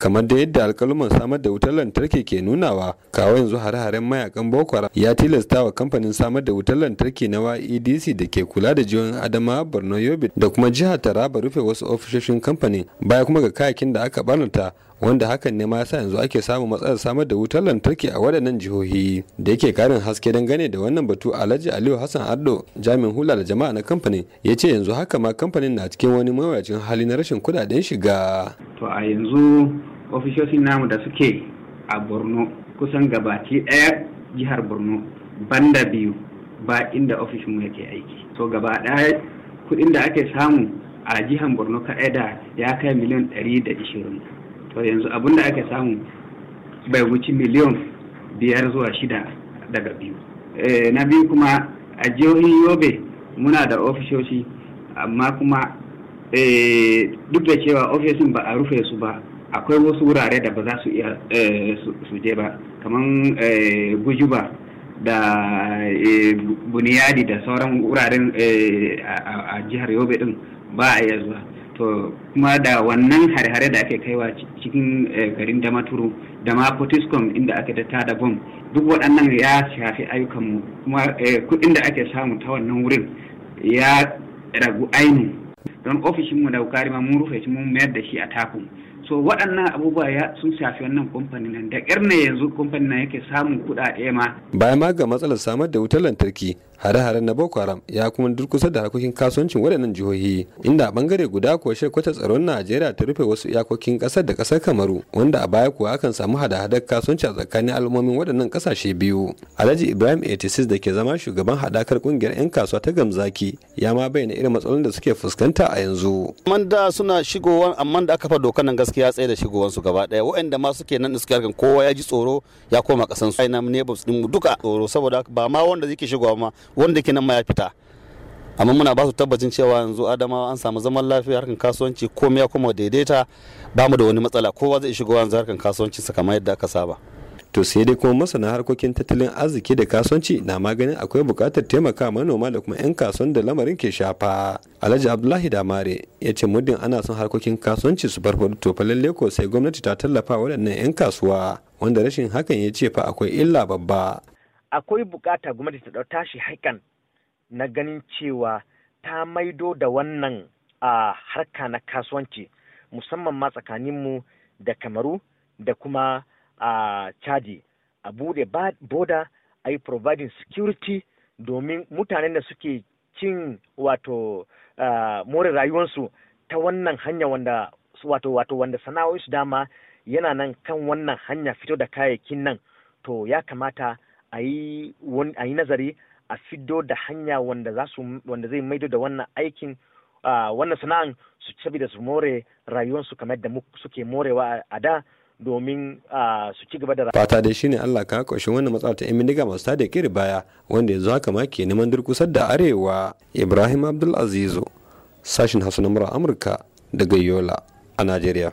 kamar da yadda alkaluman samar da wutar lantarki ke nunawa kawo yanzu hare-haren mayakan boko ya tilasta wa kamfanin samar da wutar lantarki na edc da ke kula da jihohin adama borno yobe da kuma jihar taraba rufe wasu ofisoshin kamfanin baya kuma ga kayakin da aka barnata wanda hakan ne ma yasa yanzu ake samu matsalar samar da wutar lantarki a waɗannan jihohi da yake karin haske gane da wannan batu alhaji aliyu hassan addo jami'in hula da jama'a na kamfanin ya ce yanzu haka ma kamfanin na cikin wani mawuyacin hali na rashin kudaden shiga to a yanzu ofishoshin namu da suke a borno kusan gabaki ɗaya jihar borno banda biyu ba inda ofishinmu yake aiki to gaba ɗaya kuɗin da ake samu a jihar borno kaɗai da ya kai miliyan ɗari da ishirin to yanzu abin da aka samu bai wuci miliyan biyar zuwa shida daga biyu eh, na biyu kuma a jihohin yobe muna da ofishoshi amma kuma eh, duk da cewa ofishin ba a rufe su ba akwai wasu wurare da ba za su iya eh, su je ba kamar gujuba da buniyadi da sauran wuraren a jihar yobe din ba a iya zuwa to kuma da wannan hare-hare da ake kaiwa cikin eh, garin damaturu da ma potiskom inda aka da tada bom duk waɗannan ya shafi ayyukanmu kuma eh, kuɗin da ake samu ta wannan wurin ya ragu ainu don ofishinmu da wukari ma mun rufe shi mun mayar da shi a takun so waɗannan abubuwa ya sun shafi wannan kamfanin nan da ƙyar ne yanzu kamfanin nan yake samun kuɗaɗe ma bayan ma ga matsalar samar da wutar lantarki hare hare na boko haram ya kuma durkusa da harkokin kasuwancin waɗannan jihohi inda a bangare guda kuwa shekwata tsaron najeriya ta rufe wasu iyakokin ƙasar da ƙasar kamaru wanda a baya kuwa akan samu hada-hadar kasuwanci a tsakanin al'ummomin waɗannan ƙasashe biyu alhaji ibrahim 86 da ke zama shugaban haɗakar ƙungiyar 'yan kasuwa ta gamzaki ya ma bayyana irin matsalolin da suke fuskanta a yanzu. man da suna shigowa amma da aka fa dokar nan gaskiya tsaye da su gaba ɗaya wa'inda ma suke nan da suke harkar kowa ya ji tsoro ya koma ƙasansu. ainihin neighbors ɗin duka tsoro saboda ba ma wanda zai ke shigowa ma wanda ke nan ma ya fita amma muna ba su tabbacin cewa yanzu adamawa an samu zaman lafiya harkar kasuwanci komai ya kuma daidaita ba mu da wani matsala kowa zai shigo yanzu harkar kasuwanci kamar yadda aka saba to sai dai kuma masana harkokin tattalin arziki da kasuwanci na maganin akwai bukatar taimaka manoma da kuma 'yan kasuwan da lamarin ke shafa alhaji abdullahi damare ya ce muddin ana son harkokin kasuwanci su farfaɗo to fa lalle ko sai gwamnati ta tallafa waɗannan 'yan kasuwa wanda rashin hakan ya ce fa akwai illa babba akwai bukata gwamnati ta ɗauta shi haikan na ganin cewa ta maido da wannan a harka na kasuwanci musamman ma tsakaninmu da kamaru da kuma a chadi a bude boda a yi providing security domin mutanen da suke cin wato more rayuwarsu ta wannan hanya wanda wato wato wanda sana'o'i dama yana nan kan wannan hanya fito da kayayyakin nan to ya kamata a yi nazari a fiddo da hanya wanda zai maido da wannan aikin wannan sana'an su da su more rayuwarsu kamar da suke morewa a da domin su ci gaba da rayuwa. Fata dai shine Allah ka kwashe wannan matsala ta yan bindiga masu tada kiri baya wanda yanzu haka ma ke neman durkusar da arewa Ibrahim Abdul sashin sashin Hassan Amurka daga Yola a Najeriya.